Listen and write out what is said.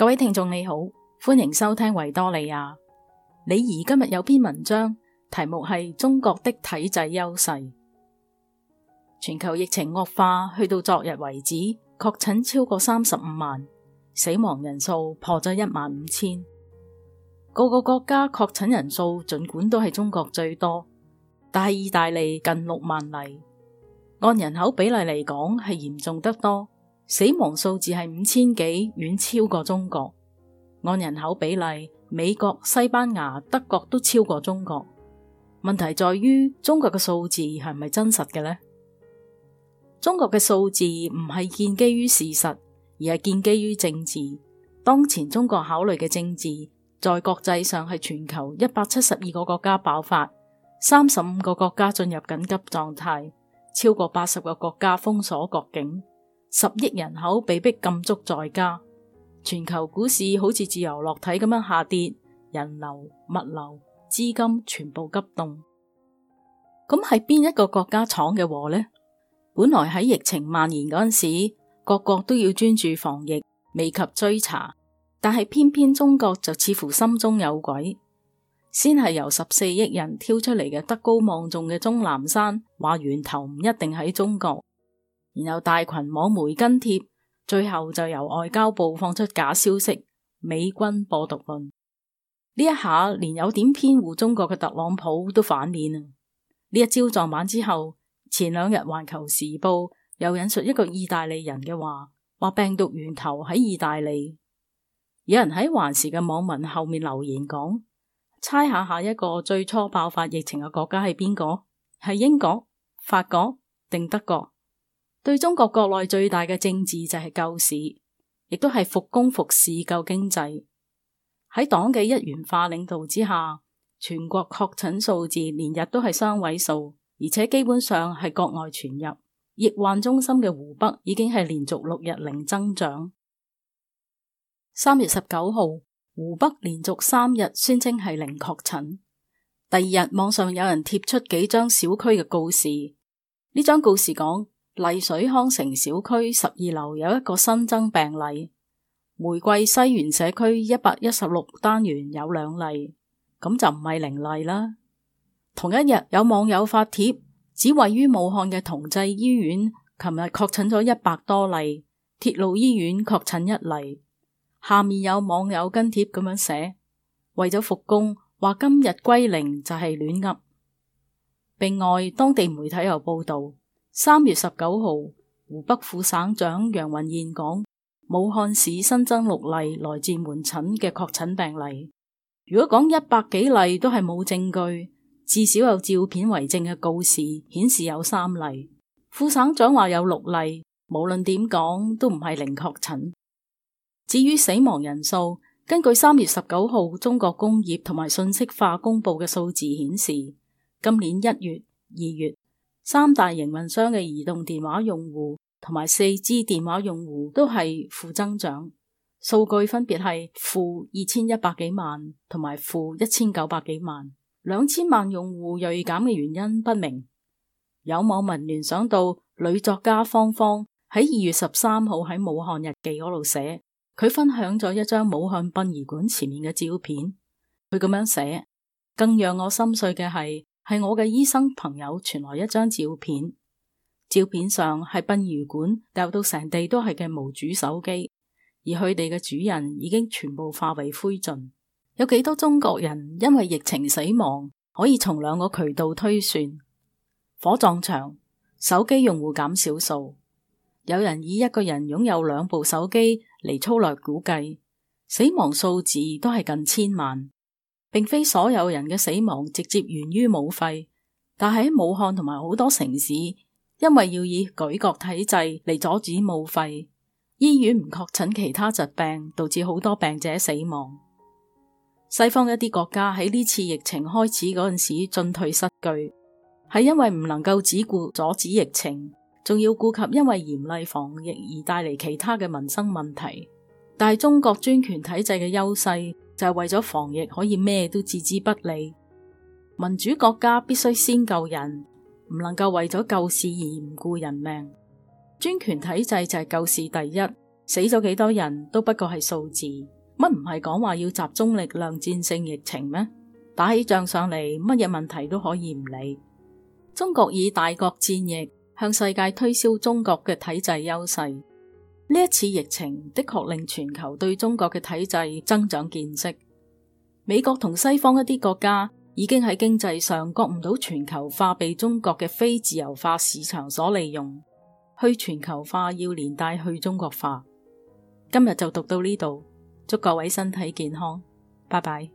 各位聽眾你好，歡迎收聽維多利亞，李怡今日有篇文章，題目係中國的體制優勢。全球疫情惡化，去到昨日為止，確診超過三十五萬，死亡人數破咗一萬五千。各個國家確診人數盡管都係中國最多，但係意大利近六萬例，按人口比例嚟講係嚴重得多。死亡數字係五千幾，遠超過中國。按人口比例，美國、西班牙、德國都超過中國。問題在於中國嘅數字係咪真實嘅呢？中國嘅數字唔係建基於事實，而係建基於政治。當前中國考慮嘅政治，在國際上係全球一百七十二個國家爆發，三十五個國家進入緊急狀態，超過八十個國家封鎖國境。十億人口被迫禁足在家，全球股市好似自由落體咁樣下跌，人流、物流、資金全部急凍。咁係邊一個國家闖嘅禍呢？本來喺疫情蔓延嗰陣時，各國都要專注防疫，未及追查，但係偏偏中國就似乎心中有鬼，先係由十四億人挑出嚟嘅德高望重嘅鍾南山話源頭唔一定喺中國。然後大群網媒跟貼，最後就由外交部放出假消息，美軍播毒論。呢一下連有點偏護中國嘅特朗普都反面。呢一招撞板之後，前兩日環球時報又引述一個意大利人嘅話，話病毒源頭喺意大利。有人喺環時嘅網民後面留言講：猜下下一個最初爆發疫情嘅國家係邊個？係英國、法國定德國？對中國國內最大嘅政治就係救市，亦都係復工復市、救經濟。喺黨嘅一元化領導之下，全國確診數字連日都係三位數，而且基本上係國外傳入。疫患中心嘅湖北已經係連續六日零增長。三月十九號，湖北連續三日宣稱係零確診。第二日，網上有人貼出幾張小區嘅告示，呢張告示講。麗水康城小區十二樓有一個新增病例，玫瑰西園社區一百一十六單元有兩例，咁就唔係零例啦。同一日，有網友發帖指位於武漢嘅同濟醫院琴日確診咗一百多例，鐵路醫院確診一例。下面有網友跟帖咁樣寫：為咗復工，話今日歸零就係亂噏。另外，當地媒體又報道。三月十九號，湖北副省長楊雲彥講，武漢市新增六例來自門診嘅確診病例。如果講一百幾例都係冇證據，至少有照片為證嘅告示顯示有三例。副省長話有六例，無論點講都唔係零確診。至於死亡人數，根據三月十九號中國工業同埋信息化公布嘅數字顯示，今年一月、二月。三大營運商嘅移動電話用戶同埋四 G 電話用戶都係負增長，數據分別係負二千一百幾萬同埋負一千九百幾萬，兩千萬,萬用戶銳減嘅原因不明。有網民聯想到女作家方方喺二月十三號喺武漢日記嗰度寫，佢分享咗一張武漢殯儀館前面嘅照片，佢咁樣寫，更讓我心碎嘅係。係我嘅醫生朋友傳來一張照片，照片上係殯儀館掉到成地都係嘅無主手機，而佢哋嘅主人已經全部化為灰燼。有幾多中國人因為疫情死亡，可以從兩個渠道推算：火葬場、手機用戶減少數。有人以一個人擁有兩部手機嚟粗略估計，死亡數字都係近千萬。並非所有人嘅死亡直接源於武肺，但係喺武漢同埋好多城市，因為要以舉國體制嚟阻止武肺，醫院唔確診其他疾病，導致好多病者死亡。西方一啲國家喺呢次疫情開始嗰陣時進退失據，係因為唔能夠只顧阻止疫情，仲要顧及因為嚴厲防疫而帶嚟其他嘅民生問題。但係中國專權體制嘅優勢。就係為咗防疫可以咩都置之不理，民主國家必須先救人，唔能夠為咗救市而唔顧人命。專權體制就係救市第一，死咗幾多人都不過係數字，乜唔係講話要集中力量戰勝疫情咩？打起仗上嚟，乜嘢問題都可以唔理。中國以大國戰疫，向世界推銷中國嘅體制優勢。呢一次疫情的確令全球對中國嘅體制增長見識，美國同西方一啲國家已經喺經濟上覺唔到全球化被中國嘅非自由化市場所利用，去全球化要連帶去中國化。今日就讀到呢度，祝各位身體健康，拜拜。